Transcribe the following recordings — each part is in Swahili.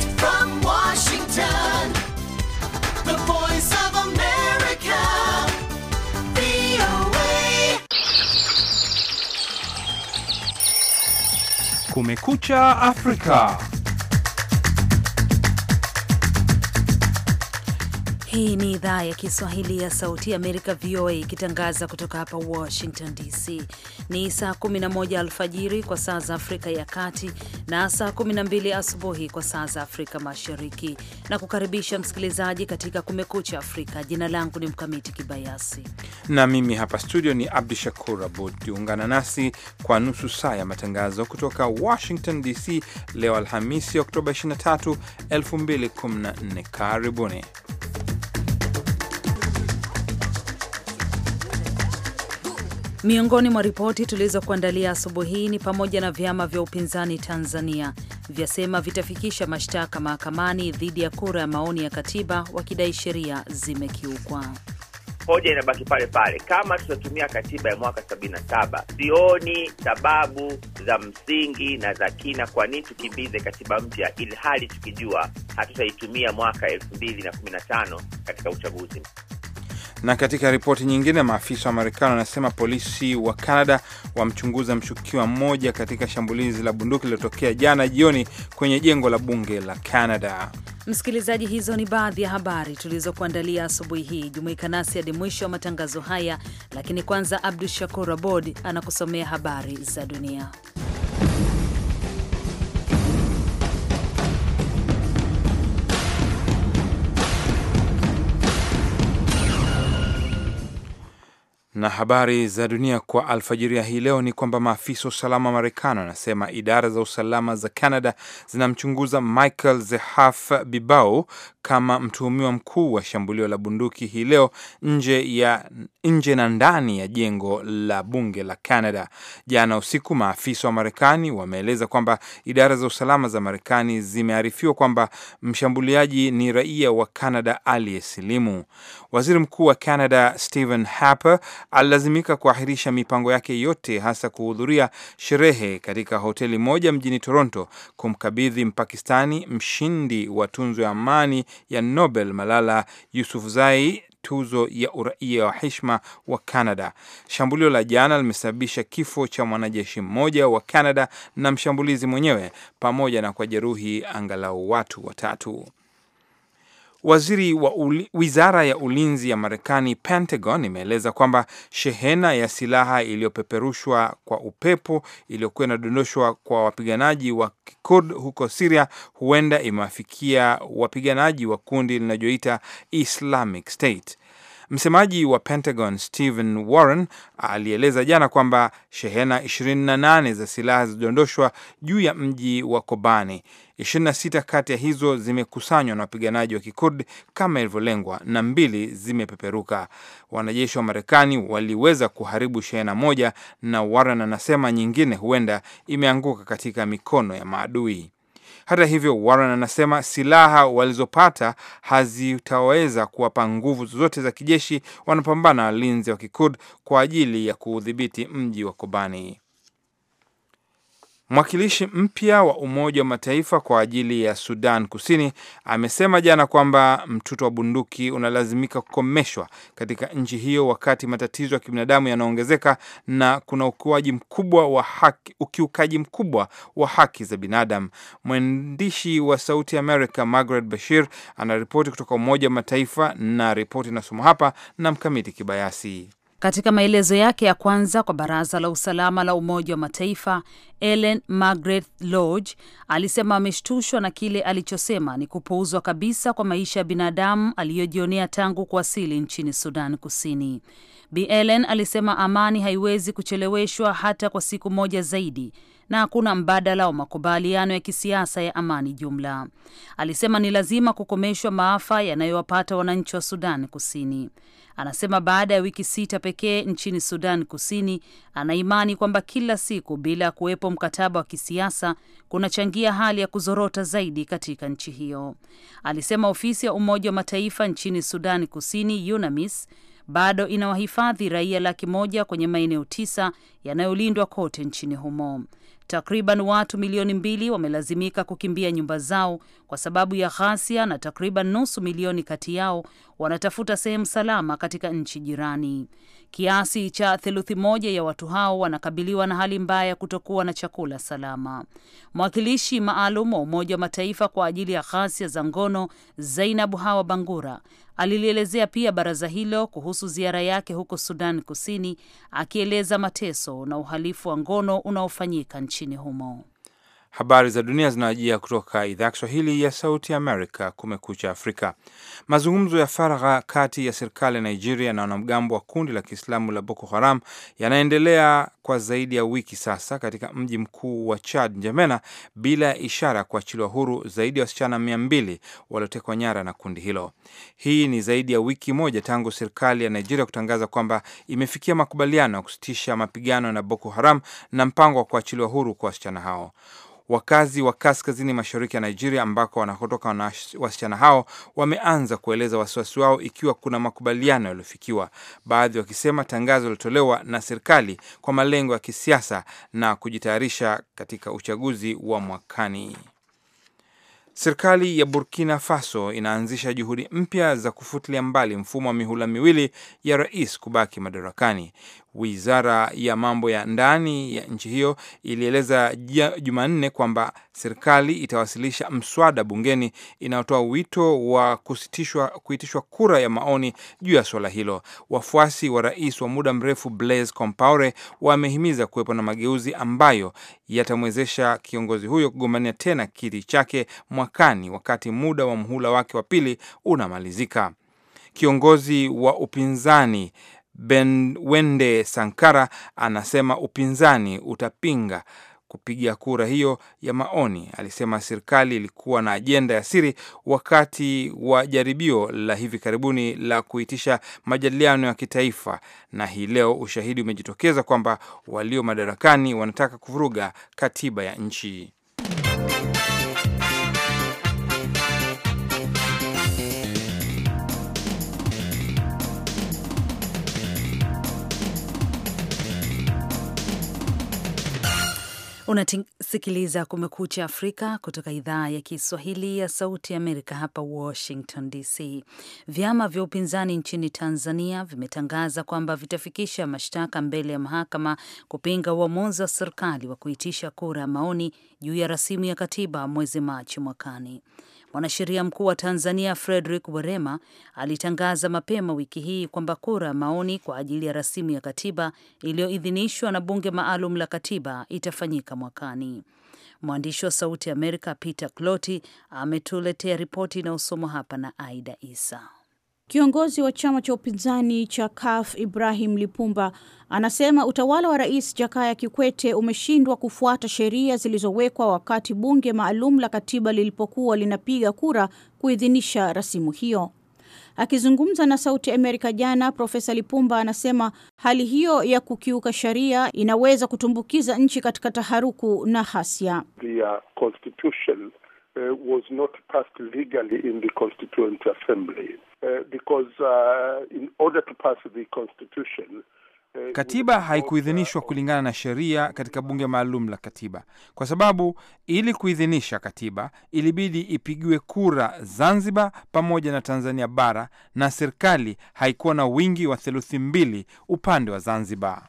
Direct from Washington, the voice of America, VOA. Kumekucha Afrika. Hii ni idhaa ya Kiswahili ya Sauti ya Amerika, VOA, ikitangaza kutoka hapa Washington DC ni saa 11 alfajiri kwa saa za Afrika ya Kati na saa 12 asubuhi kwa saa za Afrika Mashariki, na kukaribisha msikilizaji katika Kumekucha Afrika. Jina langu ni Mkamiti Kibayasi na mimi hapa studio ni Abdu Shakur Abud. Jiungana nasi kwa nusu saa ya matangazo kutoka Washington DC leo Alhamisi, Oktoba 23, 2014. Karibuni. Miongoni mwa ripoti tulizokuandalia asubuhi hii ni pamoja na vyama vya upinzani Tanzania vyasema vitafikisha mashtaka mahakamani dhidi ya kura ya maoni ya katiba wakidai sheria zimekiukwa. Hoja inabaki pale pale, kama tutatumia katiba ya mwaka 77 sioni sababu za msingi na za kina kwa nini tukimbize katiba mpya, ili hali tukijua hatutaitumia mwaka tano katika uchaguzi. Na katika ripoti nyingine, maafisa wa Marekani wanasema polisi wa canada wamchunguza mshukiwa mmoja katika shambulizi la bunduki lililotokea jana jioni kwenye jengo la bunge la canada Msikilizaji, hizo ni baadhi ya habari tulizokuandalia asubuhi hii. Jumuika nasi hadi mwisho wa matangazo haya, lakini kwanza, Abdu Shakur Abod anakusomea habari za dunia. Na habari za dunia kwa alfajiri ya hii leo ni kwamba maafisa wa usalama wa Marekani wanasema idara za usalama za Canada zinamchunguza Michael Zehaf Bibau kama mtuhumiwa mkuu wa shambulio la bunduki hii leo nje ya nje na ndani ya jengo la bunge la Canada. Jana usiku, maafisa wa Marekani wameeleza kwamba idara za usalama za Marekani zimearifiwa kwamba mshambuliaji ni raia wa Canada aliyesilimu. Waziri Mkuu wa Canada Stephen Harper alilazimika kuahirisha mipango yake yote, hasa kuhudhuria sherehe katika hoteli moja mjini Toronto kumkabidhi Mpakistani mshindi wa tunzo ya amani ya Nobel Malala Yousafzai tuzo ya uraia wa heshima wa Canada. Shambulio la jana limesababisha kifo cha mwanajeshi mmoja wa Canada na mshambulizi mwenyewe pamoja na kujeruhi angalau watu watatu. Waziri wa uli, wizara ya ulinzi ya Marekani, Pentagon, imeeleza kwamba shehena ya silaha iliyopeperushwa kwa upepo iliyokuwa inadondoshwa kwa wapiganaji wa Kikurd huko Siria huenda imewafikia wapiganaji wa kundi linajoita Islamic State. Msemaji wa Pentagon Stephen Warren alieleza jana kwamba shehena 28 za silaha zilidondoshwa juu ya mji wa Kobani 26 kati ya hizo zimekusanywa na wapiganaji wa kikurdi kama ilivyolengwa na mbili zimepeperuka. Wanajeshi wa Marekani waliweza kuharibu shehena moja, na Warren anasema nyingine huenda imeanguka katika mikono ya maadui. Hata hivyo, Warren anasema silaha walizopata hazitaweza kuwapa nguvu zozote za kijeshi wanapambana walinzi wa Kikurd kwa ajili ya kuudhibiti mji wa Kobani. Mwakilishi mpya wa Umoja wa Mataifa kwa ajili ya Sudan Kusini amesema jana kwamba mtuto wa bunduki unalazimika kukomeshwa katika nchi hiyo wakati matatizo ya kibinadamu yanaongezeka na kuna ukiukaji mkubwa wa haki, ukiukaji mkubwa wa haki za binadamu. Mwandishi wa Sauti America Margaret Bashir anaripoti kutoka Umoja wa Mataifa na ripoti inasoma hapa na Mkamiti Kibayasi. Katika maelezo yake ya kwanza kwa Baraza la Usalama la Umoja wa Mataifa, Ellen Margaret Lodge alisema ameshtushwa na kile alichosema ni kupuuzwa kabisa kwa maisha ya binadamu aliyojionea tangu kuwasili nchini Sudan Kusini. Bi Ellen alisema amani haiwezi kucheleweshwa hata kwa siku moja zaidi na hakuna mbadala wa makubaliano ya kisiasa ya amani jumla. Alisema ni lazima kukomeshwa maafa yanayowapata wananchi wa Sudan Kusini. Anasema baada ya wiki sita pekee nchini Sudan Kusini, anaimani kwamba kila siku bila ya kuwepo mkataba wa kisiasa kunachangia hali ya kuzorota zaidi katika nchi hiyo. Alisema ofisi ya Umoja wa Mataifa nchini Sudan Kusini, UNAMIS, bado inawahifadhi raia laki moja kwenye maeneo tisa yanayolindwa kote nchini humo. Takriban watu milioni mbili wamelazimika kukimbia nyumba zao kwa sababu ya ghasia na takriban nusu milioni kati yao wanatafuta sehemu salama katika nchi jirani. Kiasi cha theluthi moja ya watu hao wanakabiliwa na hali mbaya ya kutokuwa na chakula salama. Mwakilishi maalum wa Umoja wa Mataifa kwa ajili ya ghasia za ngono Zainabu Hawa Bangura Alilielezea pia baraza hilo kuhusu ziara yake huko Sudan Kusini, akieleza mateso na uhalifu wa ngono unaofanyika nchini humo. Habari za dunia zinawajia kutoka idhaa ya Kiswahili ya Sauti Amerika, Kumekucha Afrika. Mazungumzo ya faragha kati ya serikali ya Nigeria na wanamgambo wa kundi la Kiislamu la Boko Haram yanaendelea kwa zaidi ya wiki sasa katika mji mkuu wa Chad, Njamena, bila ya ishara ya kuachiliwa huru zaidi ya wasichana mia mbili waliotekwa nyara na kundi hilo. Hii ni zaidi ya wiki moja tangu serikali ya Nigeria kutangaza kwamba imefikia makubaliano ya kusitisha mapigano na Boko Haram na mpango wa kuachiliwa huru kwa wasichana hao. Wakazi wa kaskazini mashariki ya Nigeria ambako wanakotoka wasichana hao wameanza kueleza wasiwasi wao ikiwa kuna makubaliano yaliyofikiwa, baadhi wakisema tangazo lilotolewa na serikali kwa malengo ya kisiasa na kujitayarisha katika uchaguzi wa mwakani. Serikali ya Burkina Faso inaanzisha juhudi mpya za kufutilia mbali mfumo wa mihula miwili ya rais kubaki madarakani. Wizara ya mambo ya ndani ya nchi hiyo ilieleza Jumanne kwamba serikali itawasilisha mswada bungeni inayotoa wito wa kusitishwa kuitishwa kura ya maoni juu ya suala hilo. Wafuasi wa rais wa muda mrefu Blaise Compaore wamehimiza kuwepo na mageuzi ambayo yatamwezesha kiongozi huyo kugombania tena kiti chake mwakani wakati muda wa mhula wake wa pili unamalizika. Kiongozi wa upinzani Benwende Sankara anasema upinzani utapinga kupiga kura hiyo ya maoni. Alisema serikali ilikuwa na ajenda ya siri wakati wa jaribio la hivi karibuni la kuitisha majadiliano ya kitaifa, na hii leo ushahidi umejitokeza kwamba walio madarakani wanataka kuvuruga katiba ya nchi. Unasikiliza Kumekucha Afrika kutoka idhaa ya Kiswahili ya Sauti Amerika, hapa Washington DC. Vyama vya upinzani nchini Tanzania vimetangaza kwamba vitafikisha mashtaka mbele ya mahakama kupinga uamuzi wa serikali wa kuitisha kura ya maoni juu ya rasimu ya katiba mwezi Machi mwakani. Mwanasheria mkuu wa Tanzania Frederick Werema alitangaza mapema wiki hii kwamba kura ya maoni kwa ajili ya rasimu ya katiba iliyoidhinishwa na bunge maalum la katiba itafanyika mwakani. Mwandishi wa Sauti ya Amerika Peter cloti ametuletea ripoti inayosomwa hapa na Aida Isa. Kiongozi wa chama cha upinzani cha CUF Ibrahim Lipumba anasema utawala wa Rais Jakaya Kikwete umeshindwa kufuata sheria zilizowekwa wakati bunge maalum la katiba lilipokuwa linapiga kura kuidhinisha rasimu hiyo. Akizungumza na Sauti Amerika jana, Profesa Lipumba anasema hali hiyo ya kukiuka sheria inaweza kutumbukiza nchi katika taharuku na hasia. The, uh, constitution uh, was not passed legally in the Constituent Assembly uh, because uh, in order to pass the Constitution uh, Katiba haikuidhinishwa uh, kulingana na sheria katika bunge maalum la katiba, kwa sababu ili kuidhinisha katiba ilibidi ipigiwe kura Zanzibar pamoja na Tanzania bara, na serikali haikuwa na wingi wa theluthi mbili upande wa Zanzibar.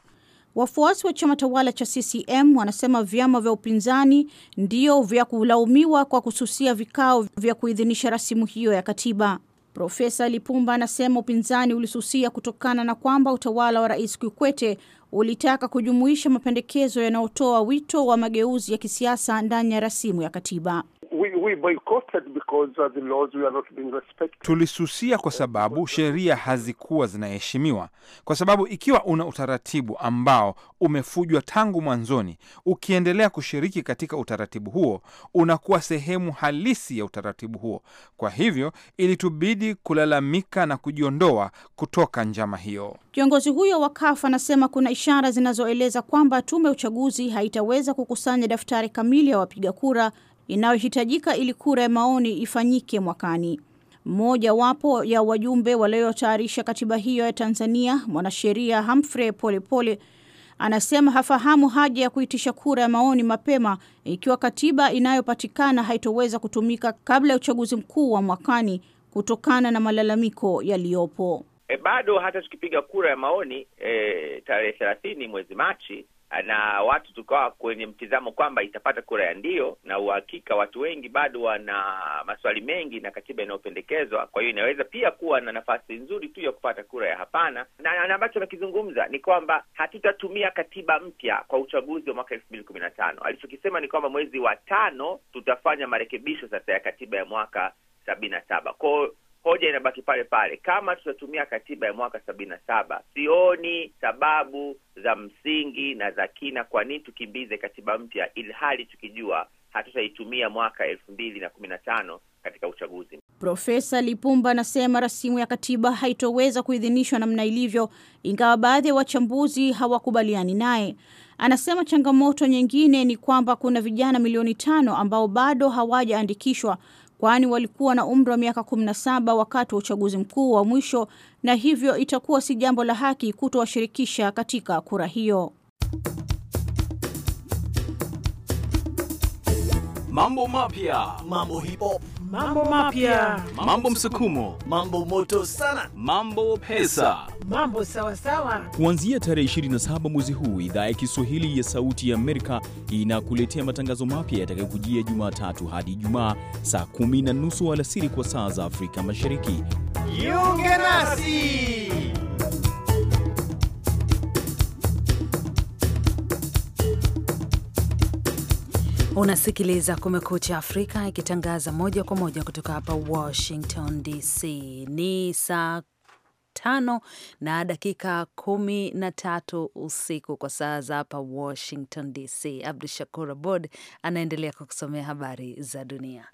Wafuasi wa chama tawala cha CCM wanasema vyama vya upinzani ndio vya kulaumiwa kwa kususia vikao vya kuidhinisha rasimu hiyo ya katiba. Profesa Lipumba anasema upinzani ulisusia kutokana na kwamba utawala wa Rais Kikwete ulitaka kujumuisha mapendekezo yanayotoa wito wa mageuzi ya kisiasa ndani ya rasimu ya katiba. Tulisusia kwa sababu sheria hazikuwa zinaheshimiwa, kwa sababu ikiwa una utaratibu ambao umefujwa tangu mwanzoni, ukiendelea kushiriki katika utaratibu huo, unakuwa sehemu halisi ya utaratibu huo. Kwa hivyo ilitubidi kulalamika na kujiondoa kutoka njama hiyo. Kiongozi huyo wa KAF anasema kuna ishara zinazoeleza kwamba tume ya uchaguzi haitaweza kukusanya daftari kamili ya wapiga kura inayohitajika ili kura ya maoni ifanyike mwakani. Mmoja wapo ya wajumbe waliotayarisha katiba hiyo ya Tanzania, mwanasheria Humphrey Polepole anasema hafahamu haja ya kuitisha kura ya maoni mapema ikiwa katiba inayopatikana haitoweza kutumika kabla ya uchaguzi mkuu wa mwakani kutokana na malalamiko yaliyopo. E, bado hata tukipiga kura ya maoni e, tarehe thelathini mwezi Machi na watu tukawa kwenye mtizamo kwamba itapata kura ya ndio, na uhakika watu wengi bado wana maswali mengi na katiba inayopendekezwa. Kwa hiyo inaweza pia kuwa na nafasi nzuri tu ya kupata kura ya hapana, na ambacho amekizungumza ni kwamba hatutatumia katiba mpya kwa uchaguzi wa mwaka elfu mbili kumi na tano. Alichokisema ni kwamba mwezi wa tano tutafanya marekebisho sasa ya katiba ya mwaka sabini na saba kwao hoja inabaki pale pale, kama tutatumia katiba ya mwaka sabini na saba, sioni sababu za msingi na za kina kwa nini tukimbize katiba mpya ilhali tukijua hatutaitumia mwaka elfu mbili na kumi na tano katika uchaguzi. Profesa Lipumba anasema rasimu ya katiba haitoweza kuidhinishwa namna ilivyo, ingawa baadhi ya wachambuzi hawakubaliani naye. Anasema changamoto nyingine ni kwamba kuna vijana milioni tano ambao bado hawajaandikishwa kwani walikuwa na umri wa miaka 17 wakati wa uchaguzi mkuu wa mwisho, na hivyo itakuwa si jambo la haki kutowashirikisha katika kura hiyo. mambo mapya, mambo hipo, mambo mapya, mambo msukumo, mambo moto sana, mambo pesa, mambo sawa sawa. Kuanzia tarehe 27 mwezi huu, idhaa ya Kiswahili ya Sauti ya Amerika inakuletea matangazo mapya yatakayokujia Jumatatu hadi Ijumaa saa kumi na nusu alasiri kwa saa za Afrika Mashariki. Jiunge nasi. Unasikiliza Kumekucha Afrika ikitangaza moja kwa moja kutoka hapa Washington DC. Ni saa tano na dakika kumi na tatu usiku kwa saa za hapa Washington DC. Abdu Shakur Abod anaendelea kwa kusomea habari za dunia.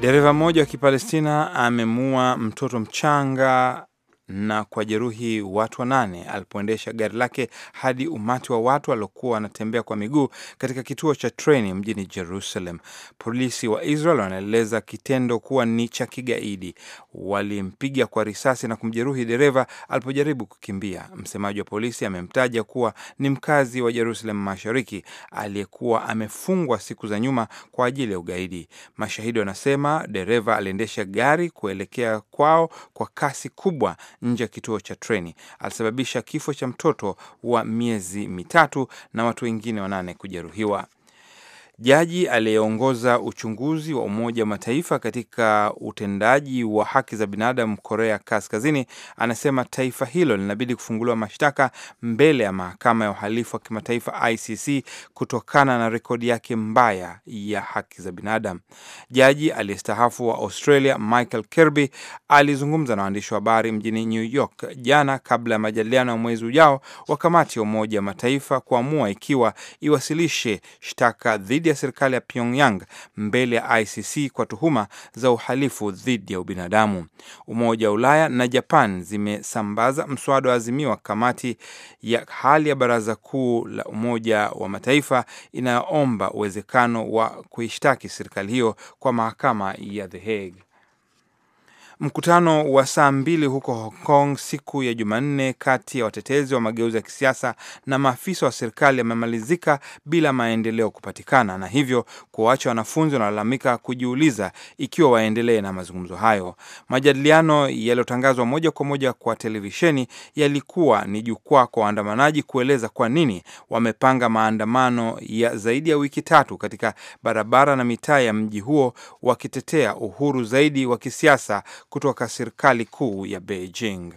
Dereva mmoja wa Kipalestina amemua mtoto mchanga na kuwajeruhi watu wanane alipoendesha gari lake hadi umati wa watu waliokuwa wanatembea kwa miguu katika kituo cha treni mjini Jerusalem. Polisi wa Israel wanaeleza kitendo kuwa ni cha kigaidi. Walimpiga kwa risasi na kumjeruhi dereva alipojaribu kukimbia. Msemaji wa polisi amemtaja kuwa ni mkazi wa Jerusalem Mashariki aliyekuwa amefungwa siku za nyuma kwa ajili ya ugaidi. Mashahidi wanasema dereva aliendesha gari kuelekea kwao kwa kasi kubwa nje ya kituo cha treni. Alisababisha kifo cha mtoto wa miezi mitatu na watu wengine wanane kujeruhiwa. Jaji aliyeongoza uchunguzi wa Umoja wa Mataifa katika utendaji wa haki za binadamu Korea Kaskazini anasema taifa hilo linabidi kufunguliwa mashtaka mbele ya mahakama ya uhalifu wa kimataifa ICC kutokana na rekodi yake mbaya ya haki za binadamu. Jaji aliyestahafu wa Australia Michael Kirby alizungumza na waandishi wa habari mjini New York jana kabla ya majadiliano ya mwezi ujao wa kamati ya Umoja wa Mataifa kuamua ikiwa iwasilishe shtaka dhidi ya serikali ya Pyongyang mbele ya ICC kwa tuhuma za uhalifu dhidi ya ubinadamu. Umoja wa Ulaya na Japan zimesambaza mswada wa azimio wa kamati ya hali ya Baraza Kuu la Umoja wa Mataifa inayoomba uwezekano wa kuishtaki serikali hiyo kwa mahakama ya The Hague. Mkutano wa saa mbili huko Hong Kong siku ya Jumanne kati ya watetezi wa mageuzi ya kisiasa na maafisa wa serikali amemalizika bila maendeleo kupatikana, na hivyo kuwaacha wanafunzi wanaolalamika kujiuliza ikiwa waendelee na mazungumzo hayo. Majadiliano yaliyotangazwa moja kwa moja kwa televisheni yalikuwa ni jukwaa kwa waandamanaji kueleza kwa nini wamepanga maandamano ya zaidi ya wiki tatu katika barabara na mitaa ya mji huo wakitetea uhuru zaidi wa kisiasa kutoka serikali kuu ya Beijing.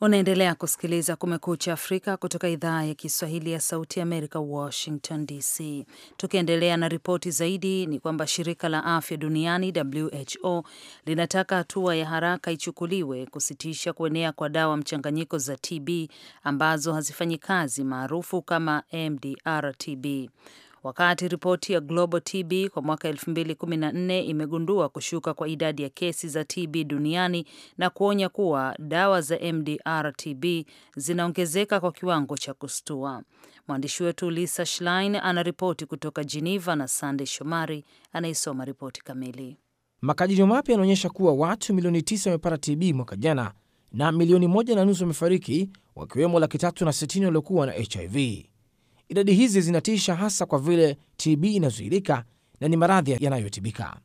Unaendelea kusikiliza Kumekucha Afrika kutoka idhaa ya Kiswahili ya Sauti Amerika, Washington DC. Tukiendelea na ripoti zaidi, ni kwamba shirika la afya duniani WHO linataka hatua ya haraka ichukuliwe kusitisha kuenea kwa dawa mchanganyiko za TB ambazo hazifanyi kazi, maarufu kama MDR TB wakati ripoti ya Global TB kwa mwaka 2014 imegundua kushuka kwa idadi ya kesi za TB duniani na kuonya kuwa dawa za MDR TB zinaongezeka kwa kiwango cha kustua. Mwandishi wetu Lisa Schlein anaripoti kutoka Geneva na sandey Shomari anaisoma ripoti kamili. Makadirio mapya yanaonyesha kuwa watu milioni 9 wamepata TB mwaka jana na milioni moja na nusu wamefariki, wakiwemo laki tatu na sitini waliokuwa na HIV. Idadi hizi zinatisha, hasa kwa vile TB inazuilika na ni maradhi yanayotibika.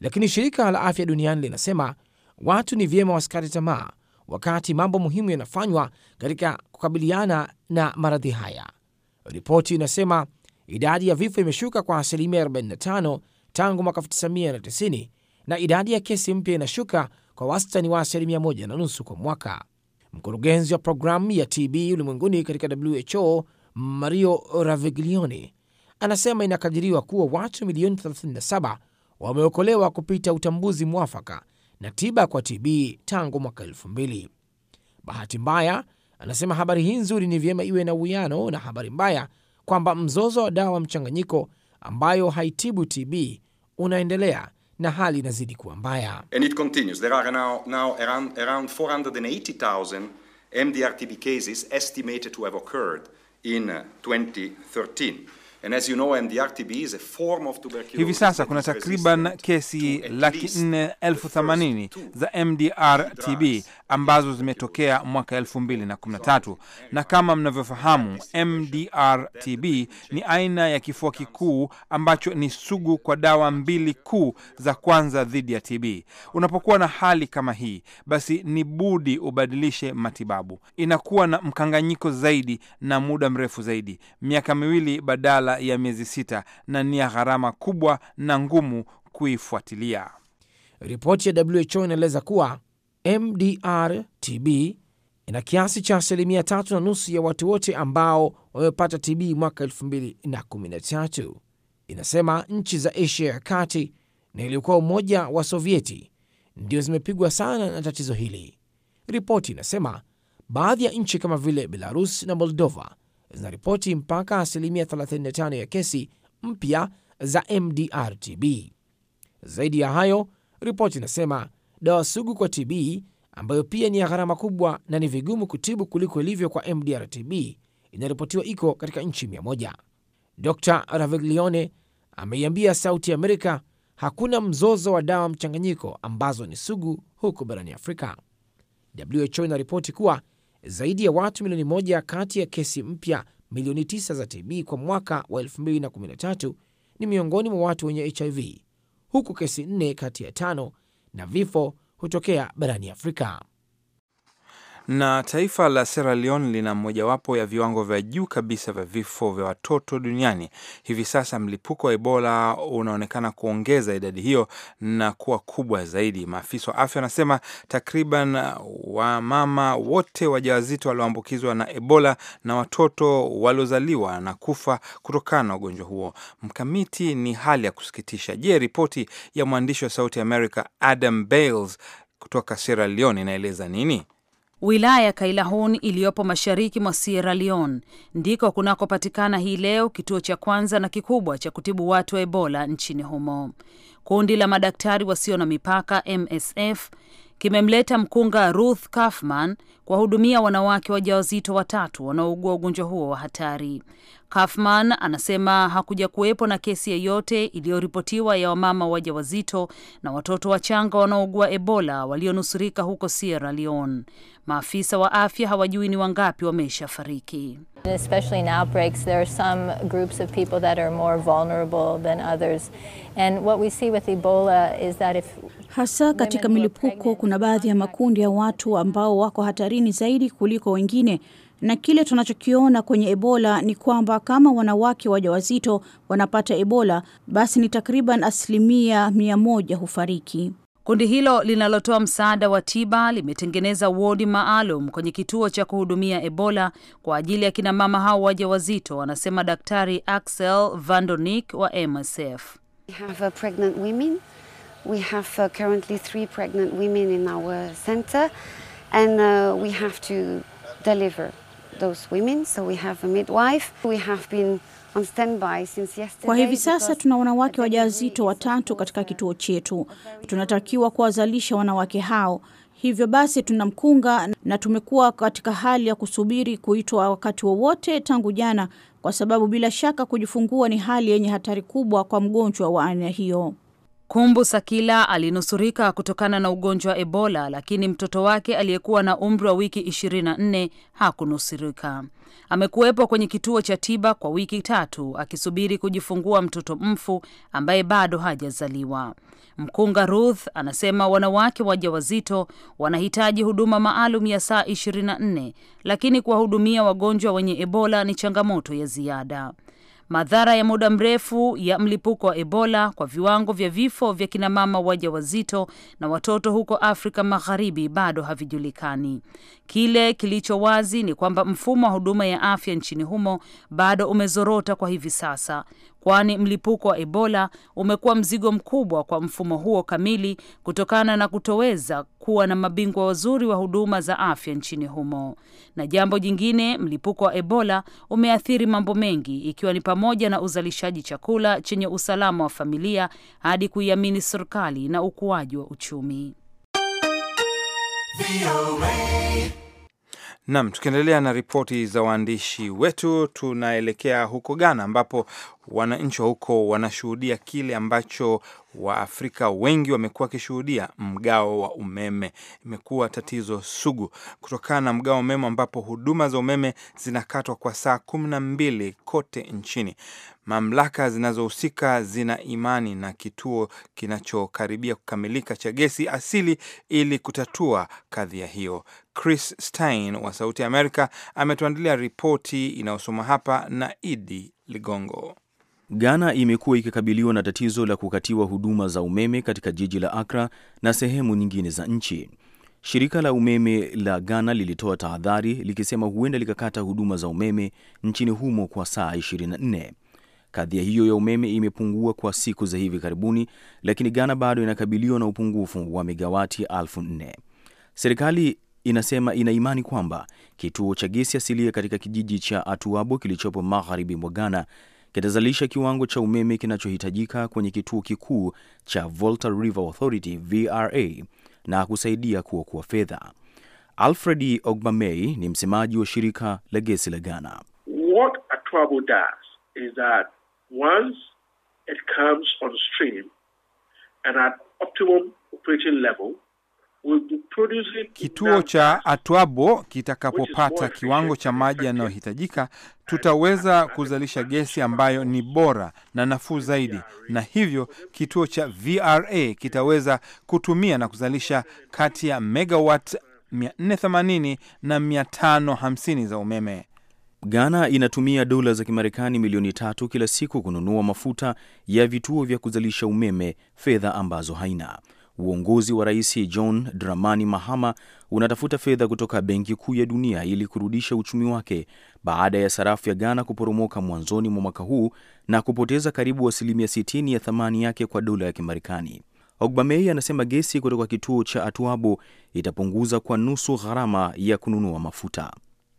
Lakini shirika la afya duniani linasema watu ni vyema wasikate tamaa wakati mambo muhimu yanafanywa katika kukabiliana na maradhi haya. Ripoti inasema idadi ya vifo imeshuka kwa asilimia 45 tangu mwaka 990 na idadi ya kesi mpya inashuka kwa wastani wa asilimia 1 na nusu kwa mwaka. Mkurugenzi wa programu ya TB ulimwenguni katika WHO Mario Raviglioni anasema inakadiriwa kuwa watu milioni 37 wameokolewa kupita utambuzi mwafaka na tiba kwa TB tangu mwaka 2000. Bahati mbaya, anasema habari hii nzuri ni vyema iwe na uwiano na habari mbaya kwamba mzozo wa dawa mchanganyiko ambayo haitibu TB unaendelea na hali inazidi kuwa mbaya. MDR-TB cases estimated to have occurred in uh, 2013. Hivi sasa kuna takriban kesi laki nne elfu themanini za MDR TB ambazo zimetokea mwaka 2013 na kama mnavyofahamu, MDR TB ni aina ya kifua kikuu ambacho ni sugu kwa dawa mbili kuu za kwanza dhidi ya TB. Unapokuwa na hali kama hii, basi ni budi ubadilishe matibabu. Inakuwa na mkanganyiko zaidi na muda mrefu zaidi, miaka miwili badala badala ya miezi sita na ni ya gharama kubwa na ngumu kuifuatilia. Ripoti ya WHO inaeleza kuwa MDR TB ina kiasi cha asilimia tatu na nusu ya watu wote ambao wamepata TB mwaka 2013. Inasema nchi za Asia ya kati na iliyokuwa Umoja wa Sovieti ndio zimepigwa sana na tatizo hili. Ripoti inasema baadhi ya nchi kama vile Belarus na Moldova zinaripoti mpaka asilimia 35 ya kesi mpya za mdrtb Zaidi ya hayo, ripoti inasema dawa sugu kwa TB ambayo pia ni ya gharama kubwa na ni vigumu kutibu kuliko ilivyo kwa mdrtb inaripotiwa iko katika nchi mi1 Dr Raviglione ameiambia Sauti ya Amerika hakuna mzozo wa dawa mchanganyiko ambazo ni sugu huko barani Afrika. WHO inaripoti kuwa zaidi ya watu milioni moja kati ya kesi mpya milioni 9 za TB kwa mwaka wa 2013 ni miongoni mwa watu wenye HIV, huku kesi nne kati ya tano na vifo hutokea barani Afrika. Na taifa la Sierra Leone lina mojawapo ya viwango vya juu kabisa vya vifo vya watoto duniani. Hivi sasa mlipuko wa Ebola unaonekana kuongeza idadi hiyo na kuwa kubwa zaidi. Maafisa wa afya wanasema takriban wamama wote wajawazito walioambukizwa na Ebola na watoto waliozaliwa na kufa kutokana na ugonjwa huo. Mkamiti, ni hali ya kusikitisha. Je, ripoti ya mwandishi wa Sauti America Adam Bales kutoka Sierra Leone inaeleza nini? Wilaya ya Kailahun iliyopo mashariki mwa Sierra Leone ndiko kunakopatikana hii leo kituo cha kwanza na kikubwa cha kutibu watu wa Ebola nchini humo. Kundi la madaktari wasio na mipaka MSF kimemleta mkunga Ruth Kaufman kuwahudumia wanawake wajawazito watatu wanaougua ugonjwa huo wa hatari. Kaufman anasema hakuja kuwepo na kesi yoyote iliyoripotiwa ya wamama wajawazito na watoto wachanga wanaougua Ebola walionusurika huko Sierra Leone. Maafisa wa afya hawajui ni wangapi wameshafariki. Hasa katika milipuko, kuna baadhi ya makundi ya watu ambao wako hatarini zaidi kuliko wengine na kile tunachokiona kwenye Ebola ni kwamba kama wanawake wajawazito wanapata Ebola, basi ni takriban asilimia mia moja hufariki. Kundi hilo linalotoa msaada wa tiba limetengeneza wodi maalum kwenye kituo cha kuhudumia Ebola kwa ajili ya kinamama hao wazito anasema Daktari Axel Vandonik wa MSF. We have uh, pregnant women. We have uh, currently three pregnant women in our center and uh, we have to deliver those women. So we have a midwife. We have been on standby since yesterday. Kwa hivi sasa tuna wanawake wajawazito watatu katika kituo chetu. Tunatakiwa kuwazalisha wanawake hao. Hivyo basi tuna mkunga na tumekuwa katika hali ya kusubiri kuitwa wakati wowote wa tangu jana, kwa sababu bila shaka kujifungua ni hali yenye hatari kubwa kwa mgonjwa wa aina hiyo. Kumbu Sakila alinusurika kutokana na ugonjwa wa Ebola, lakini mtoto wake aliyekuwa na umri wa wiki 24 hakunusurika. Amekuwepo kwenye kituo cha tiba kwa wiki tatu akisubiri kujifungua mtoto mfu ambaye bado hajazaliwa. Mkunga Ruth anasema wanawake wajawazito wanahitaji huduma maalum ya saa 24, lakini kuwahudumia wagonjwa wenye Ebola ni changamoto ya ziada madhara ya muda mrefu ya mlipuko wa Ebola kwa viwango vya vifo vya kinamama waja wazito na watoto huko Afrika Magharibi bado havijulikani. Kile kilicho wazi ni kwamba mfumo wa huduma ya afya nchini humo bado umezorota kwa hivi sasa, kwani mlipuko wa Ebola umekuwa mzigo mkubwa kwa mfumo huo kamili kutokana na kutoweza kuwa na mabingwa wazuri wa huduma za afya nchini humo. Na jambo jingine, mlipuko wa Ebola umeathiri mambo mengi, ikiwa ni pamoja na uzalishaji chakula chenye usalama wa familia hadi kuiamini serikali na ukuaji wa uchumi. Nam, tukiendelea na ripoti za waandishi wetu, tunaelekea huko Ghana ambapo wananchi wa huko wanashuhudia kile ambacho Waafrika wengi wamekuwa wakishuhudia, mgao wa umeme. Imekuwa tatizo sugu kutokana na mgao wa umeme, ambapo huduma za umeme zinakatwa kwa saa kumi na mbili kote nchini. Mamlaka zinazohusika zina imani na kituo kinachokaribia kukamilika cha gesi asili ili kutatua kadhia hiyo. Chris Stein wa Sauti ya Amerika ametuandalia ripoti inayosoma hapa na Idi Ligongo. Ghana imekuwa ikikabiliwa na tatizo la kukatiwa huduma za umeme katika jiji la Akra na sehemu nyingine za nchi. Shirika la umeme la Ghana lilitoa tahadhari likisema huenda likakata huduma za umeme nchini humo kwa saa 24. Kadhia hiyo ya umeme imepungua kwa siku za hivi karibuni, lakini Ghana bado inakabiliwa na upungufu wa megawati elfu nne. Serikali inasema ina imani kwamba kituo cha gesi asilia katika kijiji cha Atuabo kilichopo magharibi mwa Ghana kitazalisha kiwango cha umeme kinachohitajika kwenye kituo kikuu cha Volta River Authority VRA na kusaidia kuokoa fedha. Alfred ogbamey ni msemaji wa shirika la gesi la Ghana. level Kituo cha Atwabo kitakapopata kiwango cha maji yanayohitajika, tutaweza kuzalisha gesi ambayo ni bora na nafuu zaidi, na hivyo kituo cha VRA kitaweza kutumia na kuzalisha kati ya megawat 480 na 550 za umeme. Ghana inatumia dola za Kimarekani milioni tatu kila siku kununua mafuta ya vituo vya kuzalisha umeme, fedha ambazo haina. Uongozi wa Rais John Dramani Mahama unatafuta fedha kutoka Benki Kuu ya Dunia ili kurudisha uchumi wake baada ya sarafu ya Ghana kuporomoka mwanzoni mwa mwaka huu na kupoteza karibu asilimia 60 ya thamani yake kwa dola ya Kimarekani. Ogbamei anasema gesi kutoka kituo cha Atuabo itapunguza kwa nusu gharama ya kununua mafuta.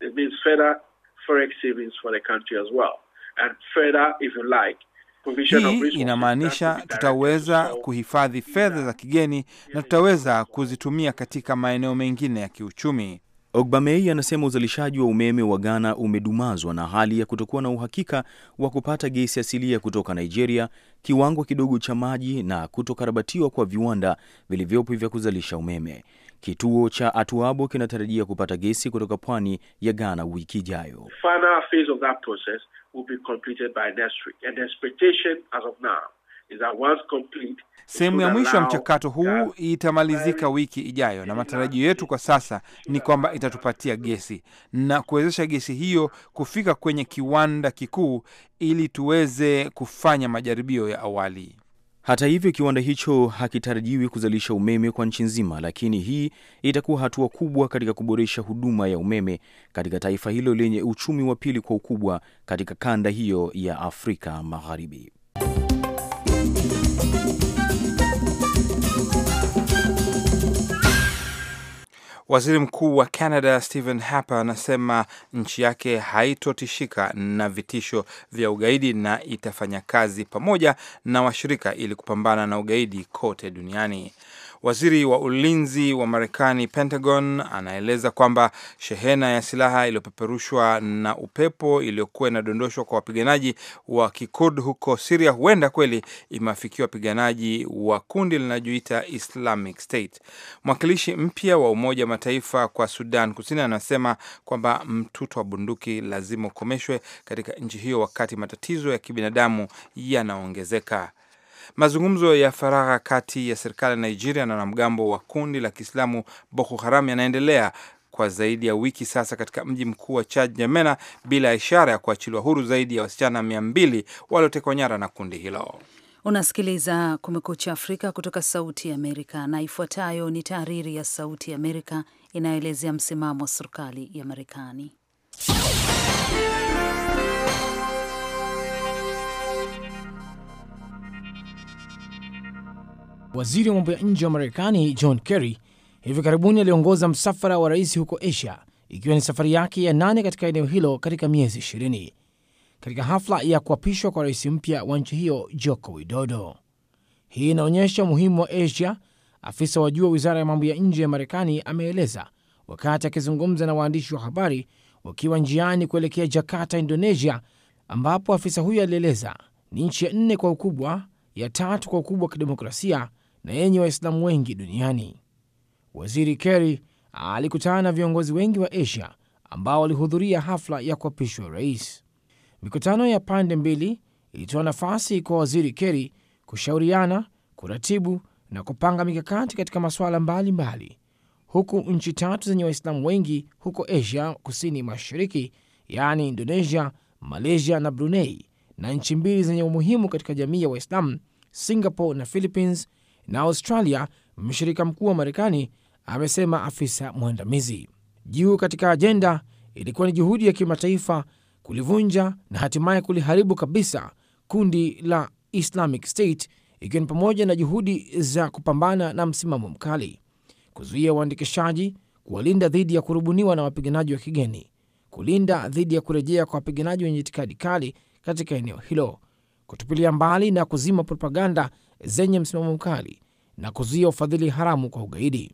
It means further forex savings for the country as well. And further, if you like, hii inamaanisha tutaweza kuhifadhi fedha za kigeni na tutaweza kuzitumia katika maeneo mengine ya kiuchumi. Ogbamei anasema uzalishaji wa umeme wa Ghana umedumazwa na hali ya kutokuwa na uhakika wa kupata gesi asilia kutoka Nigeria, kiwango kidogo cha maji na kutokarabatiwa kwa viwanda vilivyopo vya kuzalisha umeme. Kituo cha Atuabo kinatarajia kupata gesi kutoka pwani ya Ghana wiki ijayo. Sehemu ya mwisho ya mchakato huu itamalizika wiki ijayo, na matarajio yetu kwa sasa ni kwamba itatupatia gesi na kuwezesha gesi hiyo kufika kwenye kiwanda kikuu ili tuweze kufanya majaribio ya awali. Hata hivyo, kiwanda hicho hakitarajiwi kuzalisha umeme kwa nchi nzima, lakini hii itakuwa hatua kubwa katika kuboresha huduma ya umeme katika taifa hilo lenye uchumi wa pili kwa ukubwa katika kanda hiyo ya Afrika Magharibi. Waziri mkuu wa Canada Stephen Harper anasema nchi yake haitotishika na vitisho vya ugaidi na itafanya kazi pamoja na washirika ili kupambana na ugaidi kote duniani. Waziri wa ulinzi wa Marekani, Pentagon, anaeleza kwamba shehena ya silaha iliyopeperushwa na upepo iliyokuwa inadondoshwa kwa wapiganaji wa kikurd huko Siria huenda kweli imewafikia wapiganaji wa kundi linajuita Islamic State. Mwakilishi mpya wa Umoja wa Mataifa kwa Sudan Kusini anasema kwamba mtuto wa bunduki lazima ukomeshwe katika nchi hiyo wakati matatizo ya kibinadamu yanaongezeka. Mazungumzo ya faragha kati ya serikali ya Nigeria na wanamgambo wa kundi la Kiislamu Boko Haram yanaendelea kwa zaidi ya wiki sasa katika mji mkuu wa Chad, jamena bila ishara ya kuachiliwa huru zaidi ya wasichana mia mbili waliotekwa nyara na kundi hilo. Unasikiliza Kumekucha Afrika kutoka Sauti ya Amerika, na ifuatayo ni tahariri ya Sauti ya Amerika inayoelezea msimamo wa serikali ya Marekani. waziri wa mambo ya nje wa Marekani John Kerry hivi karibuni aliongoza msafara wa rais huko Asia, ikiwa ni safari yake ya nane katika eneo hilo katika miezi ishirini. Katika hafla ya kuapishwa kwa rais mpya wa nchi hiyo Joko Widodo, hii inaonyesha umuhimu wa Asia, afisa wa juu wa wizara ya mambo ya nje ya Marekani ameeleza wakati akizungumza na waandishi wa habari wakiwa njiani kuelekea Jakarta, Indonesia, ambapo afisa huyo alieleza ni nchi ya nne kwa ukubwa, ya tatu kwa ukubwa wa kidemokrasia na yenye Waislamu wengi duniani. Waziri Kerry alikutana na viongozi wengi wa Asia ambao walihudhuria hafla ya kuapishwa rais. Mikutano ya pande mbili ilitoa nafasi kwa waziri Kerry kushauriana, kuratibu na kupanga mikakati katika masuala mbalimbali, huku nchi tatu zenye Waislamu wengi huko Asia kusini mashariki, yaani Indonesia, Malaysia na Brunei, na nchi mbili zenye umuhimu katika jamii ya Waislamu, Singapore na Philippines, na Australia, mshirika mkuu wa Marekani, amesema afisa mwandamizi. Juu katika ajenda ilikuwa ni juhudi ya kimataifa kulivunja na hatimaye kuliharibu kabisa kundi la Islamic State, ikiwa ni pamoja na juhudi za kupambana na msimamo mkali, kuzuia uandikishaji, kuwalinda dhidi ya kurubuniwa na wapiganaji wa kigeni, kulinda dhidi ya kurejea kwa wapiganaji wenye itikadi kali katika eneo hilo, kutupilia mbali na kuzima propaganda zenye msimamo mkali na kuzuia ufadhili haramu kwa ugaidi.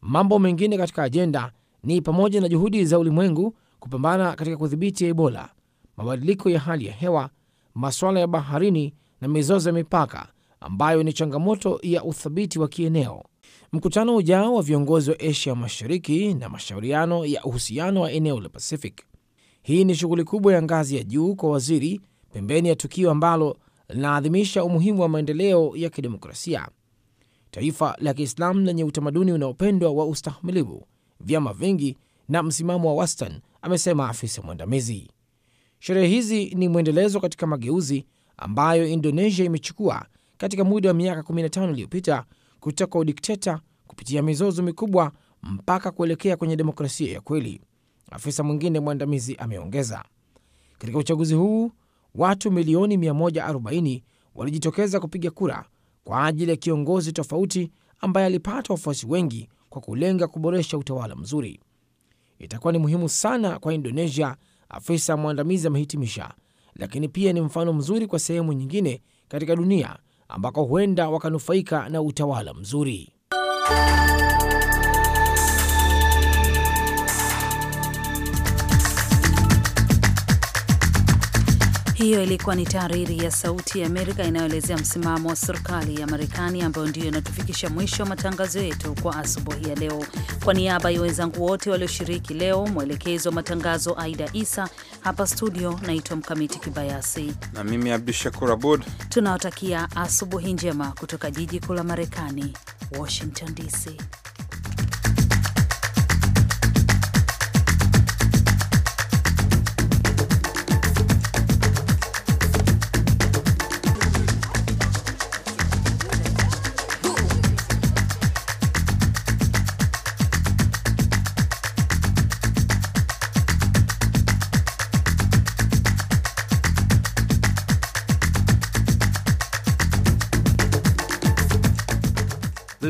Mambo mengine katika ajenda ni pamoja na juhudi za ulimwengu kupambana katika kudhibiti Ebola, mabadiliko ya hali ya hewa, masuala ya baharini na mizozo ya mipaka ambayo ni changamoto ya uthabiti wa kieneo. Mkutano ujao wa viongozi wa Asia Mashariki na mashauriano ya uhusiano wa eneo la Pacific. Hii ni shughuli kubwa ya ngazi ya juu kwa waziri, pembeni ya tukio ambalo linaadhimisha umuhimu wa maendeleo ya kidemokrasia. Taifa la Kiislamu lenye utamaduni unaopendwa wa ustahimilivu, vyama vingi na msimamo wa wastani, amesema afisa mwandamizi. Sherehe hizi ni mwendelezo katika mageuzi ambayo Indonesia imechukua katika muda wa miaka 15 iliyopita kutoka kwa udikteta kupitia mizozo mikubwa mpaka kuelekea kwenye demokrasia ya kweli. Afisa mwingine mwandamizi ameongeza, katika uchaguzi huu watu milioni 140 walijitokeza kupiga kura kwa ajili ya kiongozi tofauti ambaye alipata wafuasi wengi kwa kulenga kuboresha utawala mzuri. Itakuwa ni muhimu sana kwa Indonesia, afisa mwandamizi amehitimisha, lakini pia ni mfano mzuri kwa sehemu nyingine katika dunia ambako huenda wakanufaika na utawala mzuri. Hiyo ilikuwa ni tahariri ya Sauti ya Amerika inayoelezea msimamo wa serikali ya Marekani, ambayo ndiyo inatufikisha mwisho wa matangazo yetu kwa asubuhi ya leo. Kwa niaba ya wenzangu wote walioshiriki leo, mwelekezi wa matangazo Aida Isa, hapa studio naitwa Mkamiti Kibayasi na mimi Abdu Shakur Abud, tunawatakia asubuhi njema kutoka jiji kuu la Marekani, Washington DC.